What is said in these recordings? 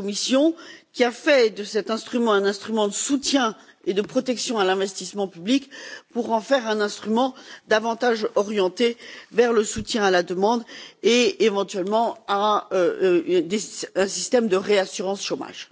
commission qui a fait de cet instrument un instrument de soutien et de protection à l'investissement public pour en faire un instrument davantage orienté vers le soutien à la demande et éventuellement à euh, euh, un système de réassurance chômage.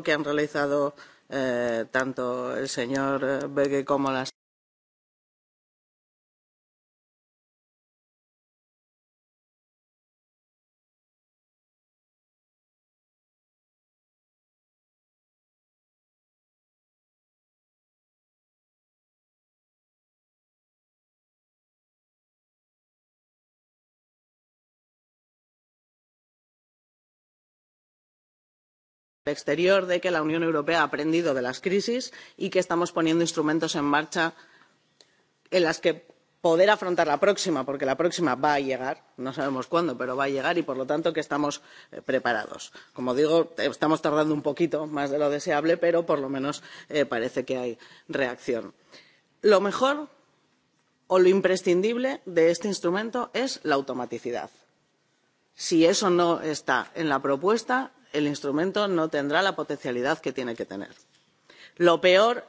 trabajo que han realizado eh, tanto el señor Vega. como la exterior de que la Unión Europea ha aprendido de las crisis y que estamos poniendo instrumentos en marcha en las que poder afrontar la próxima, porque la próxima va a llegar, no sabemos cuándo, pero va a llegar y por lo tanto que estamos eh, preparados. Como digo, eh, estamos tardando un poquito más de lo deseable, pero por lo menos eh, parece que hay reacción. Lo mejor o lo imprescindible de este instrumento es la automaticidad. Si eso no está en la propuesta, el instrumento no tendrá la potencialidad que tiene que tener. Lo peor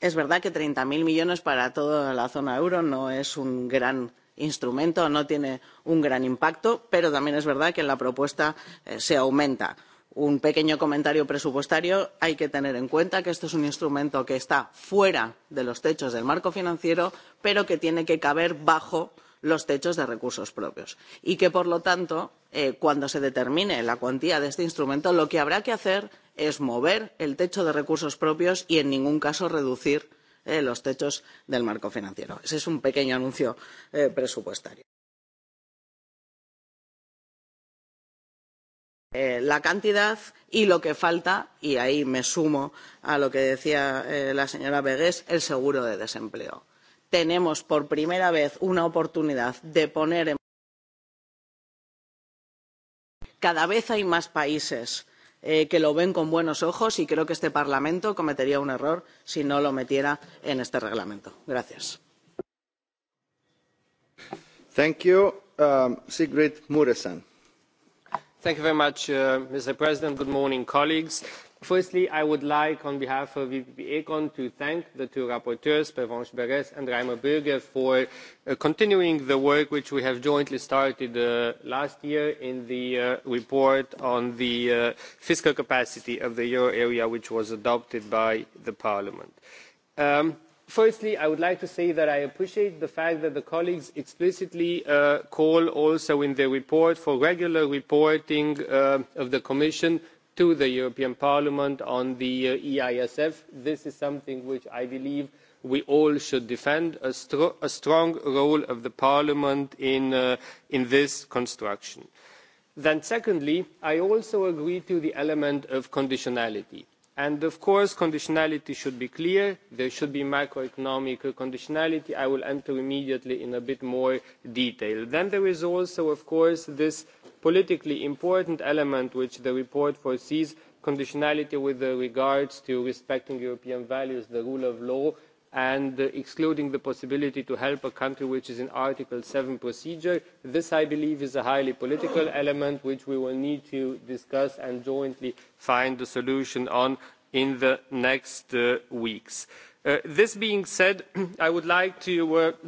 es verdad que 30.000 millones para toda la zona euro no es un gran instrumento, no tiene un gran impacto, pero también es verdad que en la propuesta eh, se aumenta. Un pequeño comentario presupuestario. Hay que tener en cuenta que esto es un instrumento que está fuera de los techos del marco financiero, pero que tiene que caber bajo los techos de recursos propios y que, por lo tanto, Eh, cuando se determine la cuantía de este instrumento, lo que habrá que hacer es mover el techo de recursos propios y, en ningún caso, reducir eh, los techos del marco financiero. Ese es un pequeño anuncio eh, presupuestario. Eh, la cantidad y lo que falta y ahí me sumo a lo que decía la señora Begués el seguro de desempleo. Tenemos por primera vez una oportunidad de poner en cada vez hay más países eh, que lo ven con buenos ojos y creo que este parlamento cometería un error si no lo metiera en este reglamento. gracias. Um, Firstly, I would like, on behalf of VPP ECON, to thank the two rapporteurs, Pervenche Beres and Reimer Bürger, for uh, continuing the work which we have jointly started uh, last year in the uh, report on the fiscal capacity of the euro area, which was adopted by the Parliament. Um, firstly, I would like to say that I appreciate the fact that the colleagues explicitly call also in the report for regular reporting of the Commission to the European Parliament on the uh, EISF. This is something which I believe we all should defend, a, strong role of the Parliament in, uh, in this construction. Then secondly, I also agree to the element of conditionality and of course conditionality should be clear there should be macroeconomic conditionality i will enter immediately in a bit more detail. then there is also of course this politically important element which the report foresees conditionality with regard to respecting european values the rule of law and uh, excluding the possibility to help a country which is in article 7 procedure this i believe is a highly political element which we will need to discuss and jointly find a solution on in the next uh, weeks uh, this being said i would like to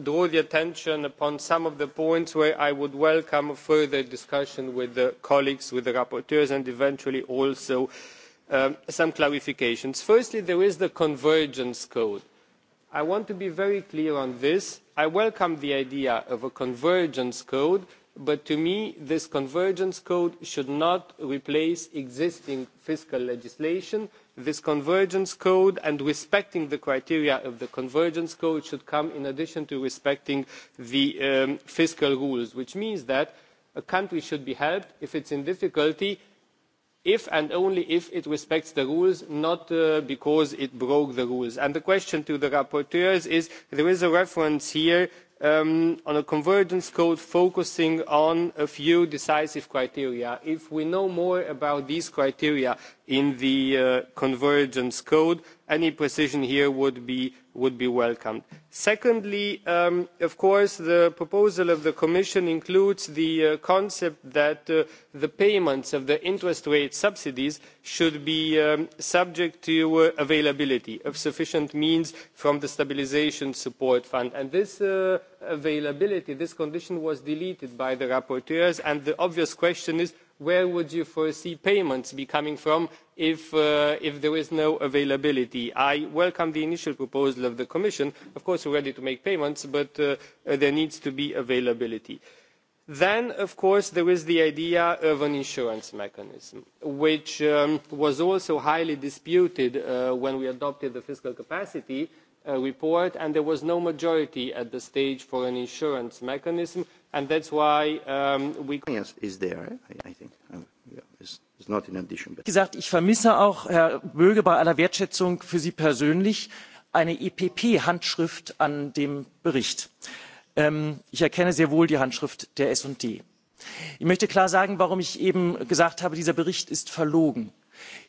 draw the attention upon some of the points where i would welcome further discussion with the colleagues with the rapporteurs and eventually also um, some clarifications firstly there is the convergence code i want to be very clear on this i welcome the idea of a convergence code but to me this convergence code should not replace existing fiscal legislation. this convergence code and respecting the criteria of the convergence code should come in addition to respecting the um, fiscal rules which means that a country should be helped if it is in difficulty if and only if it respects the rules not uh, because it broke the rules. And the question to the rapporteurs is there is a reference here um, on a convergence code focusing on a few decisive criteria. if we know more about these criteria in the uh, convergence code any precision here would be would be welcomed. secondly um, of course the proposal of the commission includes the uh, concept that uh, the payments of the interest rate subsidies should be um, subject to uh, availability of sufficient means from the stabilisation support fund and this availability this condition was deleted by the rapporteurs and the obvious question is where would you foresee payments be coming from uh, if, there is no availability? i welcome the initial proposal of the commission of course we are ready to make payments but uh, uh, there needs to be availability. then of course there is the idea of an insurance mechanism which um, was also highly disputed when we adopted the fiscal capacity report and there was no majority at the stage for an insurance mechanism and that's why um, we is there, I think. Uh, it's not in addition, but... gesagt, ich vermisse auch, Herr Böge, bei aller Wertschätzung für Sie persönlich eine EPP-Handschrift an dem Bericht. Ähm, ich erkenne sehr wohl die Handschrift der D. Ich möchte klar sagen, warum ich eben gesagt habe, dieser Bericht ist verlogen.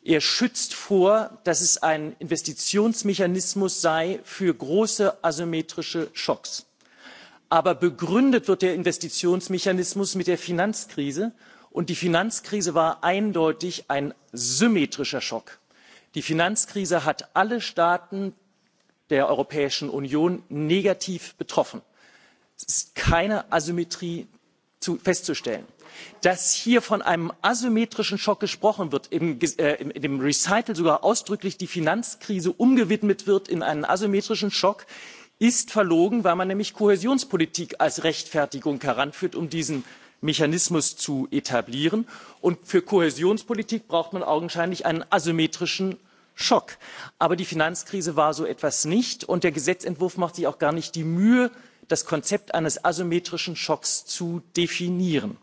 Er schützt vor, dass es ein Investitionsmechanismus sei für große asymmetrische Schocks aber begründet wird der investitionsmechanismus mit der finanzkrise und die finanzkrise war eindeutig ein symmetrischer schock. die finanzkrise hat alle staaten der europäischen union negativ betroffen. es ist keine asymmetrie festzustellen. dass hier von einem asymmetrischen schock gesprochen wird äh, in dem recital sogar ausdrücklich die finanzkrise umgewidmet wird in einen asymmetrischen schock ist verlogen weil man nämlich kohäsionspolitik als rechtfertigung heranführt um diesen mechanismus zu etablieren und für kohäsionspolitik braucht man augenscheinlich einen asymmetrischen schock. aber die finanzkrise war so etwas nicht und der gesetzentwurf macht sich auch gar nicht die mühe das konzept eines asymmetrischen schocks zu definieren.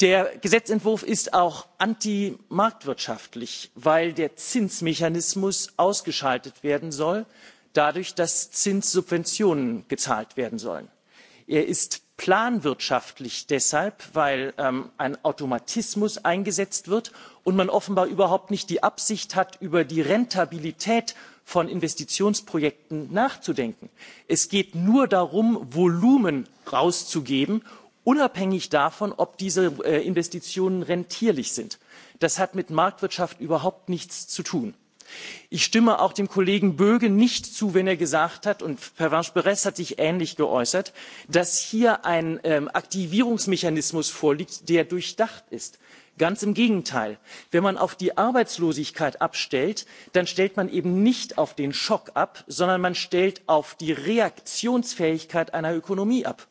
der gesetzentwurf ist auch antimarktwirtschaftlich weil der zinsmechanismus ausgeschaltet werden soll dadurch dass zinssubventionen gezahlt werden sollen. er ist planwirtschaftlich deshalb weil ähm, ein automatismus eingesetzt wird und man offenbar überhaupt nicht die absicht hat über die rentabilität von investitionsprojekten nachzudenken. es geht nur darum volumen herauszugeben unabhängig davon ob diese äh, investitionen rentierlich sind. das hat mit marktwirtschaft überhaupt nichts zu tun ich stimme auch dem kollegen böge nicht zu wenn er gesagt hat und pervenche bers hat sich ähnlich geäußert dass hier ein ähm, aktivierungsmechanismus vorliegt der durchdacht ist. ganz im gegenteil wenn man auf die arbeitslosigkeit abstellt dann stellt man eben nicht auf den schock ab sondern man stellt auf die reaktionsfähigkeit einer ökonomie ab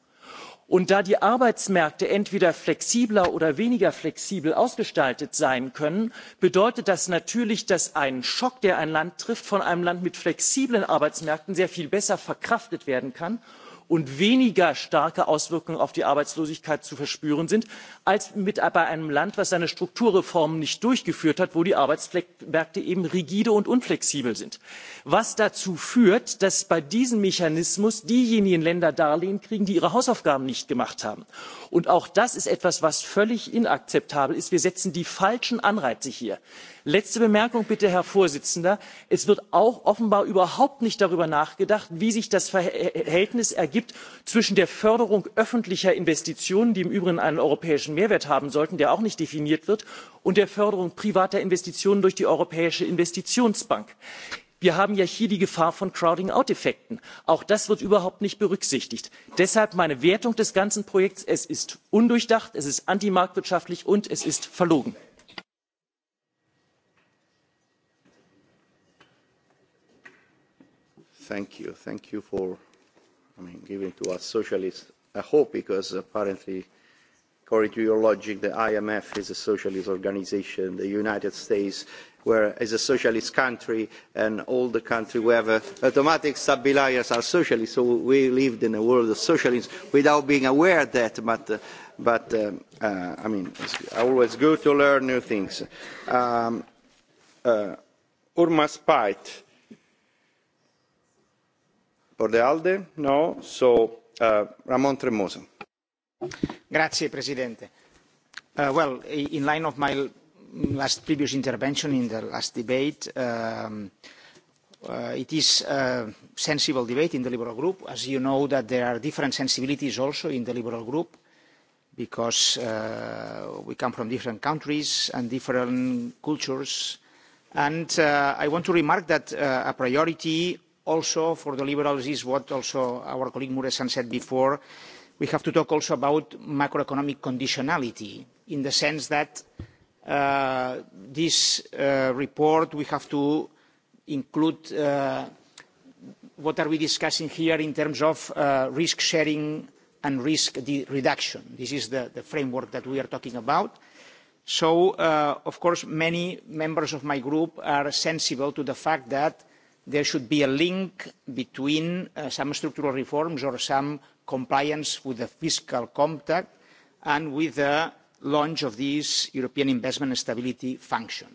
und da die arbeitsmärkte entweder flexibler oder weniger flexibel ausgestaltet sein können bedeutet das natürlich dass ein schock der ein land trifft von einem land mit flexiblen arbeitsmärkten sehr viel besser verkraftet werden kann und weniger starke auswirkungen auf die arbeitslosigkeit zu verspüren sind als mit bei einem land das seine strukturreformen nicht durchgeführt hat wo die arbeitsmärkte eben rigide und unflexibel sind was dazu führt dass bei diesem mechanismus diejenigen länder darlehen kriegen die ihre hausaufgaben nicht gemacht haben. und auch das ist etwas was völlig inakzeptabel ist wir setzen die falschen anreize hier letzte bemerkung bitte herr Vorsitzender. es wird auch offenbar überhaupt nicht darüber nachgedacht wie sich das verhältnis ergibt zwischen der förderung öffentlicher investitionen die im übrigen einen europäischen mehrwert haben sollten der auch nicht definiert wird und der förderung privater investitionen durch die europäische investitionsbank. wir haben ja hier die gefahr von crowding out effekten auch das wird überhaupt nicht berücksichtigt. deshalb meine wertung des ganzen projekts es ist undurchdacht es ist antimarktwirtschaftlich und es ist verlogen. Thank you. Thank you for I mean, giving to us socialists a hope because apparently, according to your logic, the IMF is a socialist organization, the United States where is a socialist country and all the country we have automatic stabilizers are socialist. So we lived in a world of socialists without being aware of that. But, uh, but um, uh, I mean, it's always good to learn new things. Um, uh, Urma for the alde no so uh, ramon tremosa grazie presidente uh, well in line of my last previous intervention in the last debate um, uh, it is a sensible debate in the liberal group as you know that there are different sensibilities also in the liberal group because we come from different countries and different cultures and i want to remark that a priority also for the liberals is what also our colleague Muresan said before. We have to talk also about macroeconomic conditionality in the sense that uh, this uh, report we have to include uh, what are we discussing here in terms of risk sharing and risk reduction. This is the framework that we are talking about. So, of course, many members of my group are sensible to the fact that there should be a link between uh, some structural reforms or some compliance with the fiscal compact and with the launch of this European investment and stability function.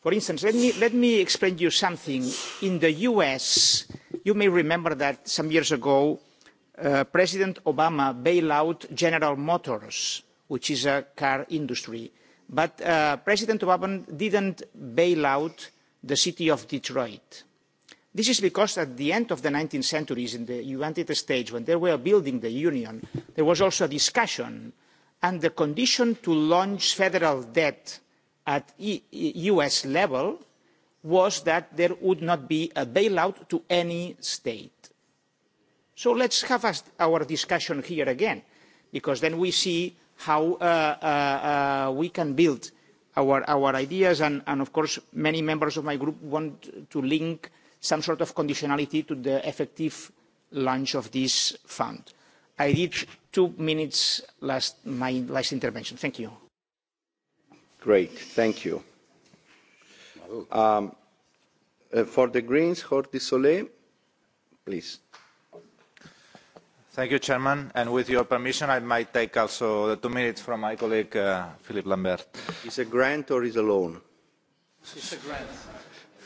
For instance, let me, let me explain to you something. In the US, you may remember that some years ago, uh, President Obama bailed out General Motors, which is a car industry. But uh, President Obama didn't bail out the city of Detroit This is because at the end of the 19th century in the United States, when they were building the Union, there was also a discussion and the condition to launch federal debt at e, e, US level was that there would not be a bailout to any state. So let's have our discussion here again, because then we see how uh, uh, uh, we can build our, our ideas and, and, of course, many members of my group want to link some sort of conditionality to the effective launch of this fund. I did two minutes last my last intervention. Thank you. Great, thank you. Um, uh, for the Greens, Jordi Soleil, please. Thank you, Chairman. And with your permission, I might take also the two minutes from my colleague, uh, Philippe Lambert. Is it a grant or is a loan? It's a grant.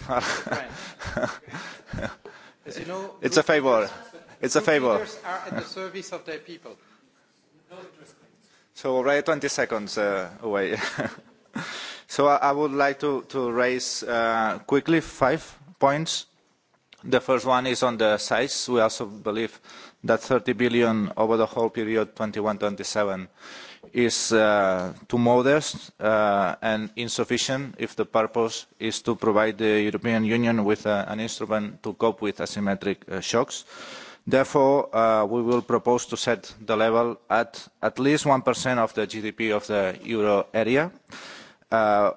As you know, it's a favor. It's a favor. Leaders are at the service of their people. So already 20 seconds uh, away. so I, I would like to, to raise uh, quickly five points. The first one is on the size. We also believe that 30 billion over the whole period 21-27 is uh, too modest uh, and insufficient if the purpose is to provide the European Union with uh, an instrument to cope with asymmetric shocks. Therefore, we will propose to set the level at at least 1% of the GDP of the euro area,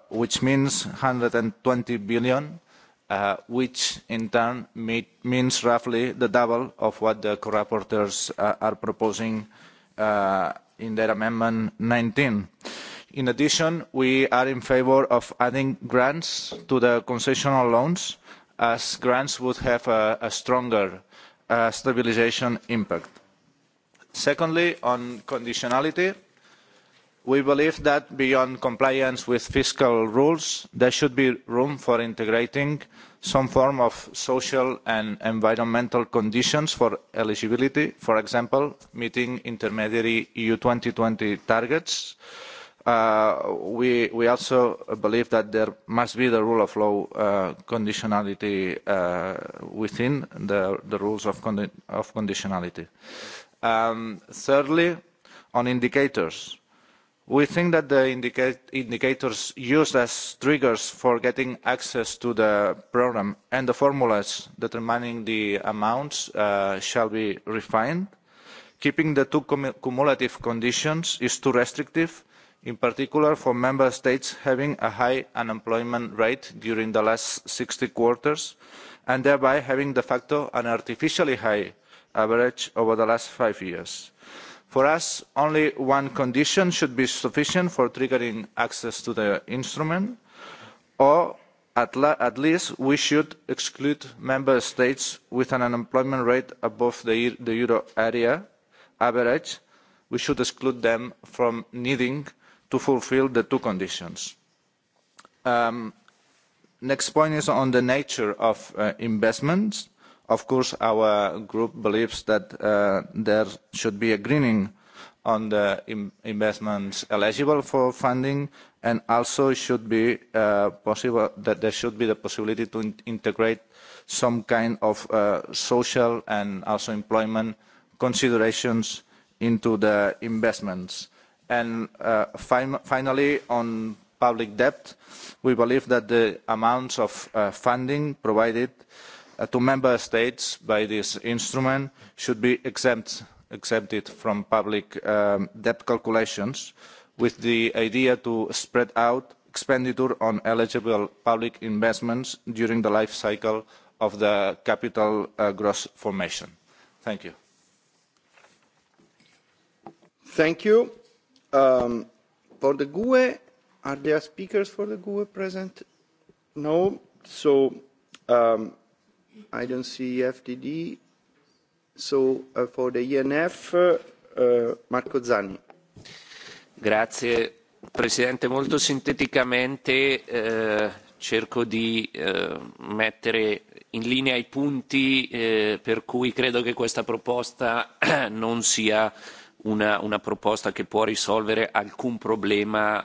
which means 120 billion, which in turn means roughly the double of what the co-rapporteurs are proposing in their amendment 19. In addition, we are in favor of adding grants to the concessional loans, as grants would have a, stronger stabilisation uh, stabilization impact. Secondly, on conditionality, we believe that beyond compliance with fiscal rules there should be room for integrating some form of social and environmental conditions for eligibility for example meeting intermediary eu 2020 targets uh, we we also believe that there must be the rule of law uh, conditionality uh, within the the rules of of conditionality um thirdly on indicators We think that the indicators used as triggers for getting access to the program and the formulas determining the amounts uh, shall be refined. Keeping the two cum cumulative conditions is too restrictive, in particular for member states having a high unemployment rate during the last 60 quarters and thereby having de facto an artificially high average over the last five years for us only one condition should be sufficient for triggering access to the instrument or at, least we should exclude member states with an unemployment rate above the, euro area average we should exclude them from needing to fulfil the two conditions. Um, next point is on the nature of uh, investments Of course, our group believes that uh, there should be a greening on the investments eligible for funding, and also should be uh, possible that there should be the possibility to integrate some kind of uh, social and also employment considerations into the investments. And finally, on public debt, we believe that the amounts of funding provided Uh, to member states by this instrument should be exempted from public um, debt calculations with the idea to spread out expenditure on eligible public investments during the life cycle of the capital uh, gross formation. Thank you. Thank you. Um, for the GUE, are there speakers for the GUE present? No. So um, i don't see e FDD. So uh, for the INF, e uh, Marco Zanni. Grazie. Presidente, molto sinteticamente eh, cerco di eh, mettere in linea i punti eh, per cui credo che questa proposta non sia una, una proposta che può risolvere alcun problema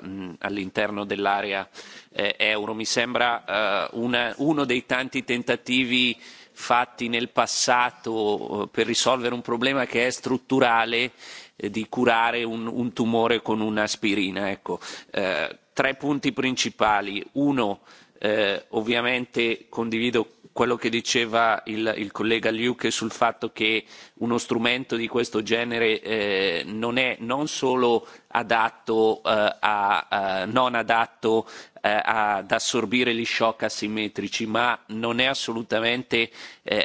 eh, all'interno dell'area eh, euro. Mi sembra eh, una, uno dei tanti tentativi fatti nel passato eh, per risolvere un problema che è strutturale eh, di curare un, un tumore con un'aspirina. Ecco, eh, tre punti principali. Uno, ovviamente condivido quello che diceva il, collega Liuke sul fatto che uno strumento di questo genere eh, non è non solo adatto eh, a, non adatto eh, ad assorbire gli shock asimmetrici, ma non è assolutamente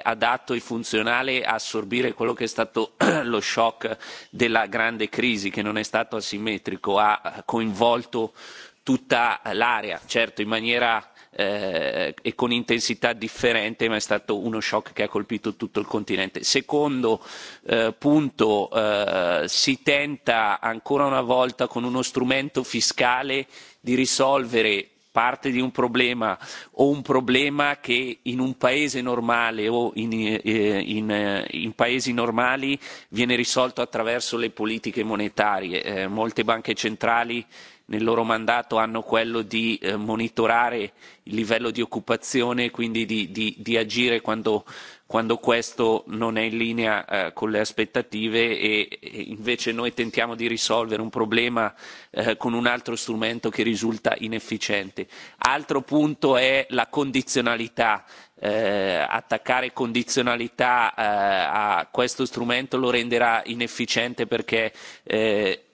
adatto e funzionale a assorbire quello che è stato lo shock della grande crisi, che non è stato asimmetrico, ha coinvolto tutta l'area, certo in maniera eh, e con intensità differente, ma è stato uno shock che ha colpito tutto il continente. Secondo eh, punto, eh, si tenta ancora una volta con uno strumento fiscale di risolvere parte di un problema o un problema che in un paese normale o in, eh, in, eh, in paesi normali viene risolto attraverso le politiche monetarie. Eh, molte banche centrali nel loro mandato hanno quello di eh, monitorare il livello di occupazione e quindi di, di, di agire quando, quando questo non è in linea eh, con le aspettative e, e, invece noi tentiamo di risolvere un problema eh, con un altro strumento che risulta inefficiente. Altro punto è la condizionalità. attaccare condizionalità a questo strumento lo renderà inefficiente perché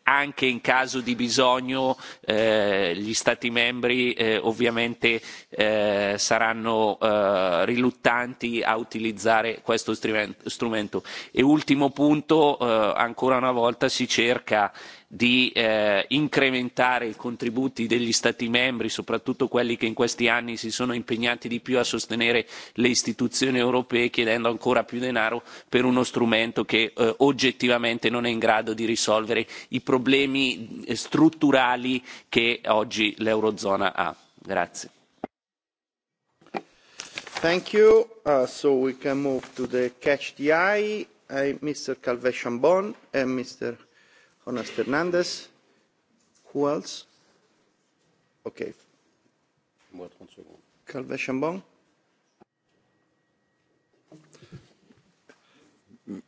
anche in caso di bisogno eh, gli stati membri eh, ovviamente eh, saranno riluttanti a utilizzare questo strumento e ultimo punto ancora una volta si cerca di eh, incrementare i contributi degli stati membri soprattutto quelli che in questi anni si sono impegnati di più a sostenere le istituzioni europee chiedendo ancora più denaro per uno strumento che eh, oggettivamente non è in grado di risolvere i problemi eh, strutturali che oggi l'eurozona ha grazie Thank you. Uh, so we can move to the catch Mr. and Mr. Jonas Fernandez. Who Chambon.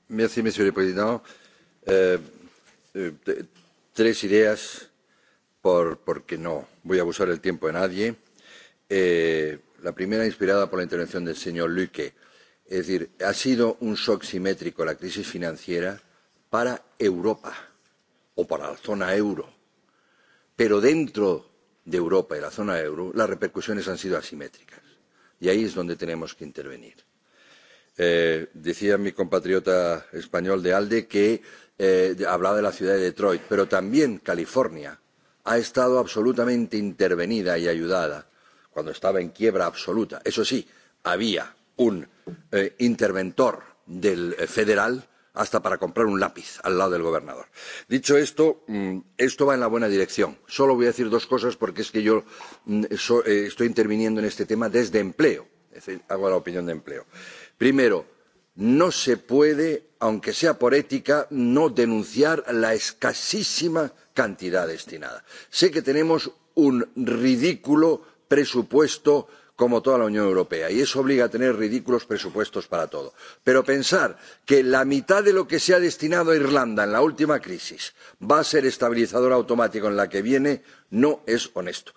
Merci, Monsieur le Président. Eh, eh tres ideas, por, porque no voy a abusar el tiempo de nadie. Eh, la primera, inspirada por la intervención del señor Luque. Es decir, ha sido un shock simétrico la crisis financiera para Europa o para la zona euro. Pero dentro de Europa y la zona euro, las repercusiones han sido asimétricas. Y ahí es donde tenemos que intervenir. Eh, decía mi compatriota español de ALDE que eh, hablaba de la ciudad de Detroit, pero también California ha estado absolutamente intervenida y ayudada cuando estaba en quiebra absoluta. Eso sí, había un eh, interventor del eh, federal hasta para comprar un lápiz al lado del gobernador. Dicho esto, mm, esto va en la buena dirección. Solo voy a decir dos cosas porque es que yo mm, eh, estoy interviniendo en este tema desde empleo. Es decir, hago la opinión de empleo. Primero, no se puede, aunque sea por ética, no denunciar la escasísima cantidad destinada. Sé que tenemos un ridículo presupuesto como toda la Unión Europea. Y eso obliga a tener ridículos presupuestos para todo. Pero pensar que la mitad de lo que se ha destinado a Irlanda en la última crisis va a ser estabilizador automático en la que viene no es honesto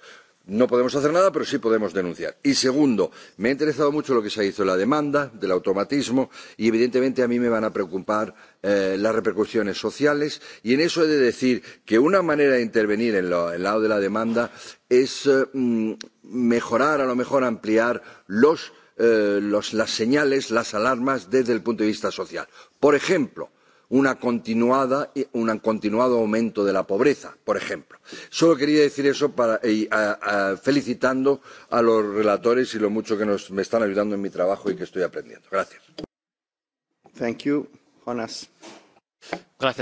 no podemos hacer nada pero sí podemos denunciar. y segundo me ha interesado mucho lo que se ha dicho la demanda del automatismo y evidentemente a mí me van a preocupar eh, las repercusiones sociales y en eso he de decir que una manera de intervenir en, lo, el lado de la demanda es eh, mm, mejorar a lo mejor ampliar los, eh, los, las señales las alarmas desde el punto de vista social. por ejemplo una continuada, un continuado aumento de la pobreza, por ejemplo. Solo quería decir eso para, y, a, felicitando a los relatores y lo mucho que nos, me están ayudando en mi trabajo y que estoy aprendiendo. Gracias. Thank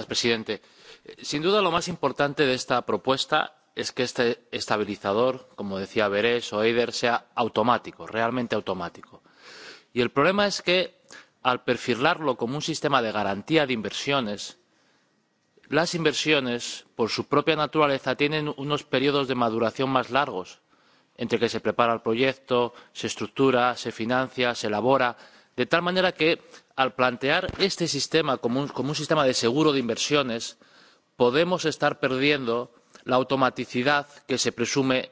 presidente. Eh, sin duda, lo más importante de esta propuesta es que este estabilizador, como decía Beres o Eider, sea automático, realmente automático. Y el problema es que al perfilarlo como un sistema de garantía de inversiones, las inversiones, por su propia naturaleza, tienen unos periodos de maduración más largos, entre que se prepara el proyecto, se estructura, se financia, se elabora, de tal manera que, al plantear este sistema como un, como un sistema de seguro de inversiones, podemos estar perdiendo la automaticidad que se presume,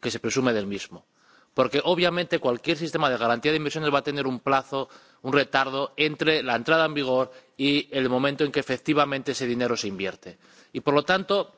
que se presume del mismo. Porque, obviamente, cualquier sistema de garantía de inversiones va a tener un plazo un retardo entre la entrada en vigor y el momento en que efectivamente ese dinero se invierte. y por lo tanto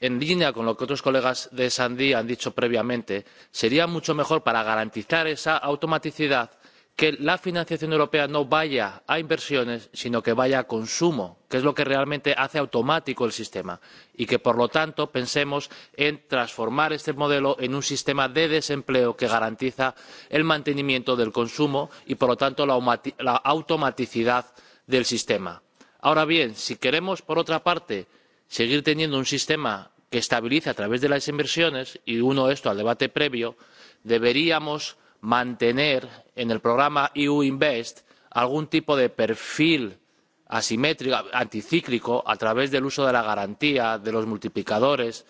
en línea con lo que otros colegas de Sandi han dicho previamente sería mucho mejor para garantizar esa automaticidad que la financiación europea no vaya a inversiones sino que vaya a consumo que es lo que realmente hace automático el sistema y que por lo tanto pensemos en transformar este modelo en un sistema de desempleo que garantiza el mantenimiento del consumo y por lo tanto la, automaticidad del sistema. ahora bien si queremos por otra parte seguir teniendo un sistema que estabilice a través de las inversiones y uno esto al debate previo deberíamos mantener en el programa EU Invest algún tipo de perfil asimétrico, anticíclico, a través del uso de la garantía, de los multiplicadores,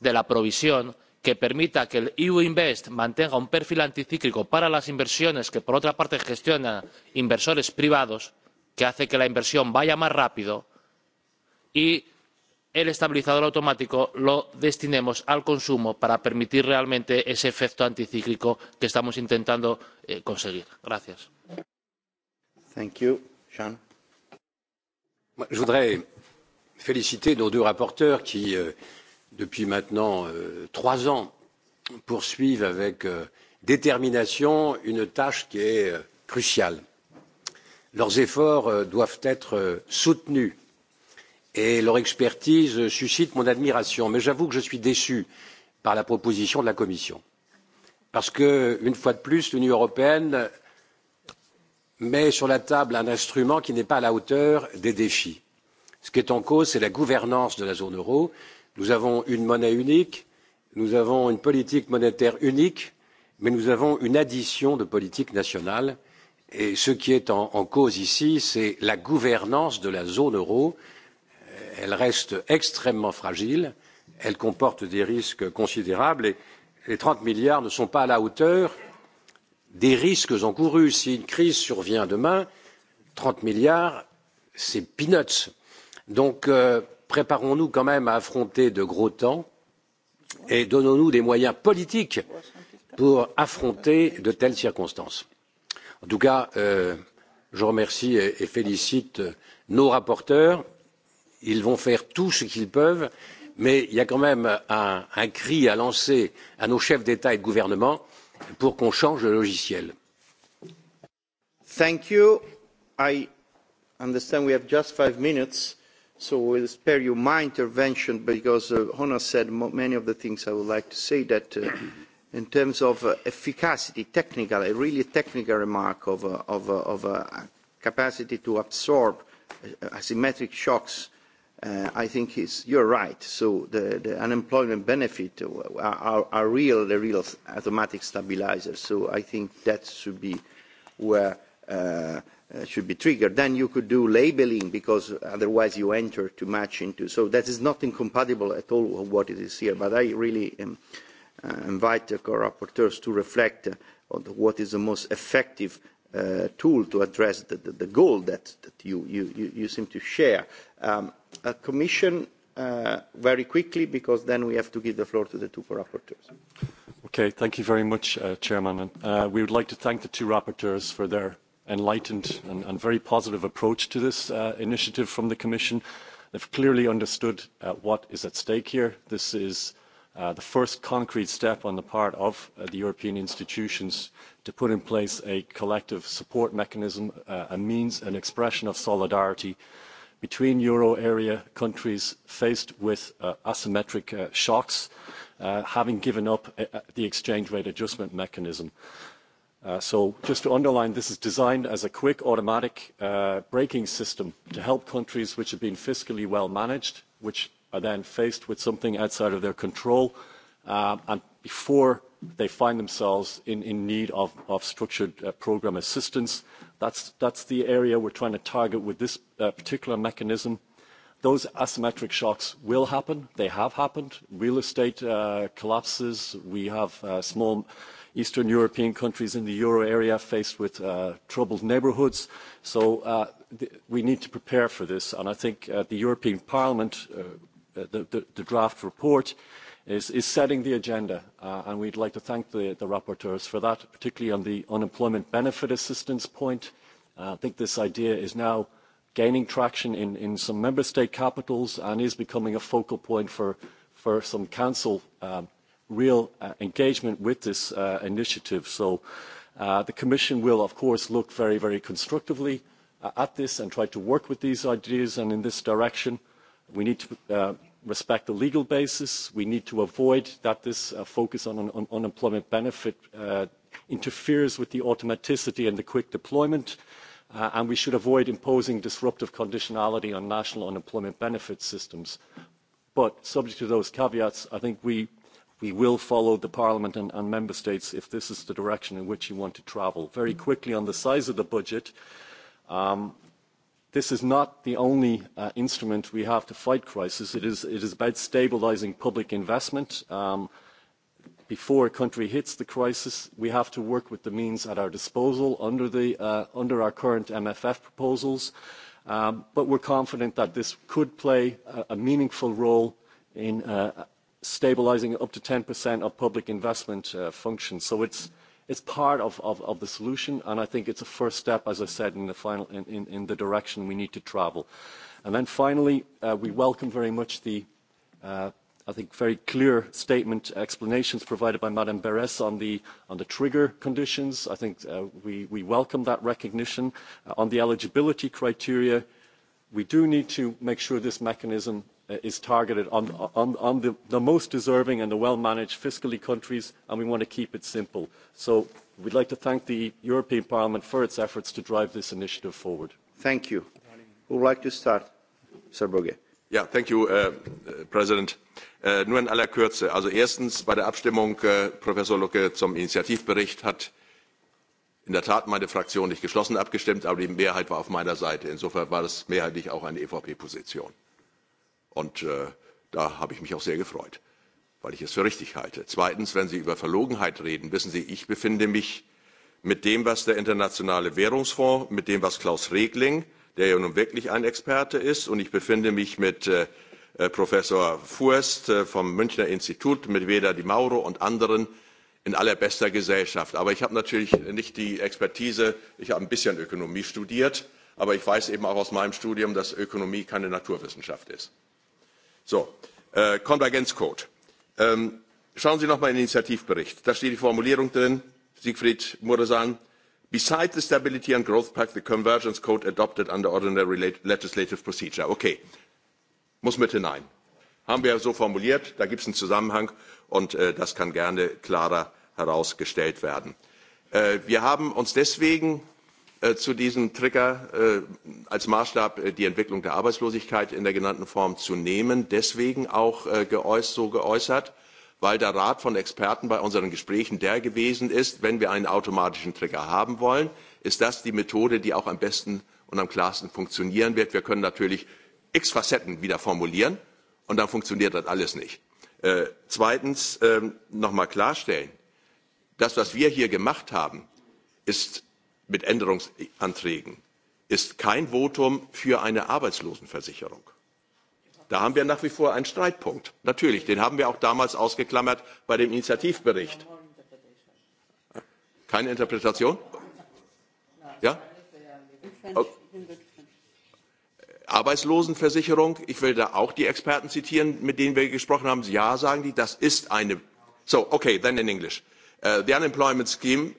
de la provisión, que permita que el EU Invest mantenga un perfil anticíclico para las inversiones que, por otra parte, gestionan inversores privados, que hace que la inversión vaya más rápido y el estabilizador automático lo destinemos al consumo para permitir realmente ese efecto anticíclico que estamos intentando eh, conseguir. Gracias. Thank you. Je voudrais féliciter nos deux rapporteurs qui, euh, depuis maintenant euh, trois ans, poursuivent avec euh, détermination une tâche qui est cruciale. Leurs efforts doivent être soutenus et leur expertise suscite mon admiration mais j'avoue que je suis déçu par la proposition de la commission parce que une fois de plus l'union européenne met sur la table un instrument qui n'est pas à la hauteur des défis. ce qui est en cause c'est la gouvernance de la zone euro. nous avons une monnaie unique nous avons une politique monétaire unique mais nous avons une addition de politiques nationales et ce qui est en, en cause ici c'est la gouvernance de la zone euro elle reste extrêmement fragile, elle comporte des risques considérables et les 30 milliards ne sont pas à la hauteur des risques encourus. Si une crise survient demain, 30 milliards, c'est peanuts. Donc, euh, préparons-nous quand même à affronter de gros temps et donnons-nous des moyens politiques pour affronter de telles circonstances. En tout cas, euh, je remercie et félicite nos rapporteurs ils vont faire tout ce qu'ils peuvent mais il y a quand même un, un cri à lancer à nos chefs d'état et de gouvernement pour qu'on change le logiciel. Thank you. I understand we have just five minutes, so we'll spare you my intervention because uh, Hona said many of the things I would like to say that uh, in terms of uh, efficacy, technical, a really technical remark of, uh, of, uh, of uh, capacity to absorb asymmetric shocks Uh, I think is you're right. So the, the unemployment benefit are, are, are real, the real automatic stabilizer. So I think that should be where uh, uh, should be triggered. Then you could do labeling because otherwise you enter too much into. So that is not incompatible at all with what it is here. But I really um, uh, invite the co-rapporteurs to reflect on what is the most effective uh, tool to address the, the, the goal that, that you, you, you seem to share. Um, a commission uh, very quickly because then we have to give the floor to the two rapporteurs Okay, thank you very much, uh, Chairman. Uh, we would like to thank the two rapporteurs for their enlightened and, and very positive approach to this uh, initiative from the Commission. They've clearly understood uh, what is at stake here. This is Uh, the first concrete step on the part of uh, the European institutions to put in place a collective support mechanism, uh, a means, an expression of solidarity between euro area countries faced with asymmetric shocks, having given up the exchange rate adjustment mechanism. so just to underline, this is designed as a quick automatic braking system to help countries which have been fiscally well managed, which are then faced with something outside of their control uh, and before they find themselves in, in need of, of structured uh, program assistance. That's, that's the area we're trying to target with this uh, particular mechanism. Those asymmetric shocks will happen. They have happened. Real estate uh, collapses. We have small Eastern European countries in the euro area faced with troubled neighborhoods. So we need to prepare for this. And I think the European Parliament Uh, the, the, draft report is, is setting the agenda uh, and we'd like to thank the, the rapporteurs for that, particularly on the unemployment benefit assistance point. Uh, I think this idea is now gaining traction in, in some member state capitals and is becoming a focal point for, for some council um, real uh, engagement with this uh, initiative. So the Commission will, of course, look very, very constructively at this and try to work with these ideas and in this direction. We need to respect the legal basis. We need to avoid that this uh, focus on, on unemployment benefit uh, interferes with the automaticity and the quick deployment. Uh, and we should avoid imposing disruptive conditionality on national unemployment benefit systems. But subject to those caveats, I think we, we will follow the Parliament and, and Member States if this is the direction in which you want to travel. Very quickly on the size of the budget, um, this is not the only uh, instrument we have to fight crisis. It is, about stabilizing public investment. Um, before a country hits the crisis, we have to work with the means at our disposal under, the, uh, under our current MFF proposals. Um, but we're confident that this could play a, meaningful role in uh, stabilizing up to 10% of public investment functions. So it's, It's part of, of, of the solution, and I think it's a first step, as I said, in the, final, in, in, in the direction we need to travel. And then finally, uh, we welcome very much the, uh, I think, very clear statement explanations provided by Madame Beres on the, on the trigger conditions. I think uh, we, we welcome that recognition. Uh, on the eligibility criteria, we do need to make sure this mechanism Uh, is targeted on, on, on the, the most deserving and the well-managed fiscally countries, and we want to keep it simple. So we'd like to thank the European Parliament for its efforts to drive this initiative forward. Thank you. Who would like to start? Sir Boge. Yeah, thank you, uh, uh, President. nur in aller Kürze. Also erstens, bei der Abstimmung, äh, Professor Lucke, zum Initiativbericht hat in der Tat meine Fraktion nicht geschlossen abgestimmt, aber die Mehrheit war auf meiner Seite. Insofern war das mehrheitlich auch eine EVP-Position. Und äh, da habe ich mich auch sehr gefreut, weil ich es für richtig halte. Zweitens, wenn Sie über Verlogenheit reden, wissen Sie, ich befinde mich mit dem, was der Internationale Währungsfonds, mit dem, was Klaus Regling, der ja nun wirklich ein Experte ist, und ich befinde mich mit äh, äh Professor Furst äh, vom Münchner Institut, mit Weder Di Mauro und anderen in allerbester Gesellschaft. Aber ich habe natürlich nicht die Expertise, ich habe ein bisschen Ökonomie studiert, aber ich weiß eben auch aus meinem Studium, dass Ökonomie keine Naturwissenschaft ist. So, äh, Konvergenzcode. Ähm, schauen Sie noch mal in den Initiativbericht. Da steht die Formulierung drin, Siegfried Muresan. Besides the Stability and Growth Pact, the Convergence Code adopted under ordinary legislative procedure. Okay, muss mit hinein. Haben wir so formuliert, da gibt es einen Zusammenhang und äh, das kann gerne klarer herausgestellt werden. Äh, wir haben uns deswegen Äh, zu diesem Trigger äh, als Maßstab äh, die Entwicklung der Arbeitslosigkeit in der genannten Form zu nehmen, deswegen auch geäuß so geäußert, weil der Rat von Experten bei unseren Gesprächen der gewesen ist, wenn wir einen automatischen Trigger haben wollen, ist das die Methode, die auch am besten und am klarsten funktionieren wird. Wir können natürlich x Facetten wieder formulieren und dann funktioniert das alles nicht. zweitens ähm, noch mal klarstellen, das, was wir hier gemacht haben, ist mit Änderungsanträgen ist kein Votum für eine Arbeitslosenversicherung. Da haben wir nach wie vor einen Streitpunkt. Natürlich, den haben wir auch damals ausgeklammert bei dem Initiativbericht. Keine Interpretation? Ja? Arbeitslosenversicherung, ich will da auch die Experten zitieren, mit denen wir gesprochen haben. Ja, sagen die, das ist eine. So, okay, then in English. Uh, the unemployment scheme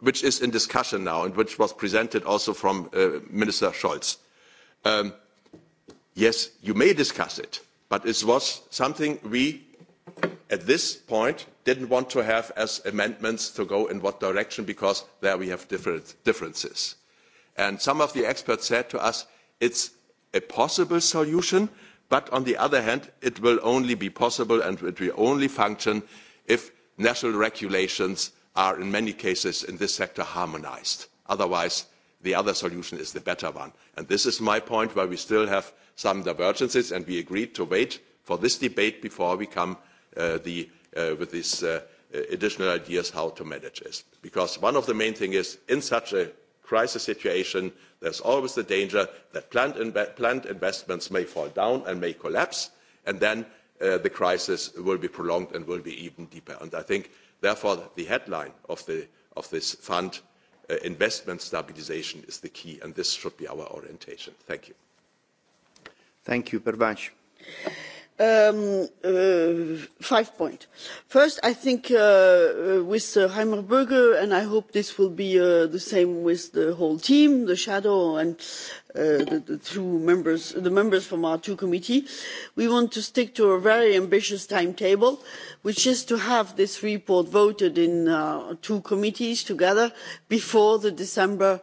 which is in discussion now and which was presented also from uh, Minister Scholz. Um, yes, you may discuss it, but it was something we, at this point, didn't want to have as amendments to go in what direction because there we have different differences. And some of the experts said to us, it's a possible solution, but on the other hand, it will only be possible and it will only function if national regulations are in many cases in this sector harmonised. Otherwise, the other solution is the better one. And this is my point where we still have some divergences and we agreed to wait for this debate before we come uh, the, uh, with these uh, additional ideas how to manage this. Because one of the main things is in such a crisis situation, there's always the danger that plant plant investments may fall down and may collapse, and then uh, the crisis will be prolonged and will be even deeper. And I think therefore the headline of, the, this fund uh, investment stabilisation is the key and this should be our orientation. thank you. thank you Um, uh, five points. First, I think uh, uh, with Heimerberger and I hope this will be the same with the whole team, the shadow and the, the members, the members from our two committees, we want to stick to a very ambitious timetable, which is to have this report voted in two committees together before the December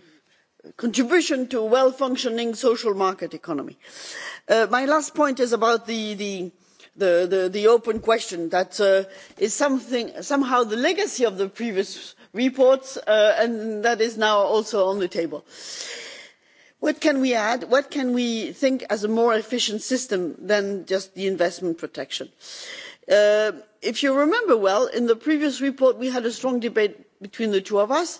contribution to a well functioning social market economy. Uh, my last point is about the, the, the, the, open question that uh, is something, somehow the legacy of the previous reports uh, and that is now also on the table. What can we add? What can we think as a more efficient system than just the investment protection? If you remember well, in the previous report we had a strong debate between the two of us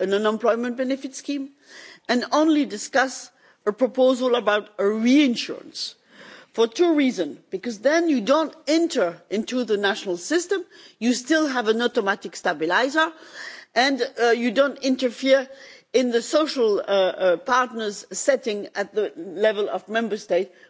an unemployment benefit scheme and only discuss a proposal about a reinsurance for two reasons because then you don't enter into the national system you still have an automatic stabiliser and uh, you don't interfere in the social uh, uh, partners' setting at the level of member states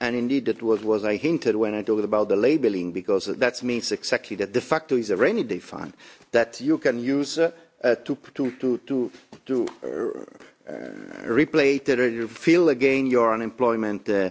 and indeed that was what I hinted when I talked about the labelling, because that means exactly that de facto is a rainy day fund that you can use uh, to, to, to, to, to uh, uh, replay, uh, fill again your unemployment uh,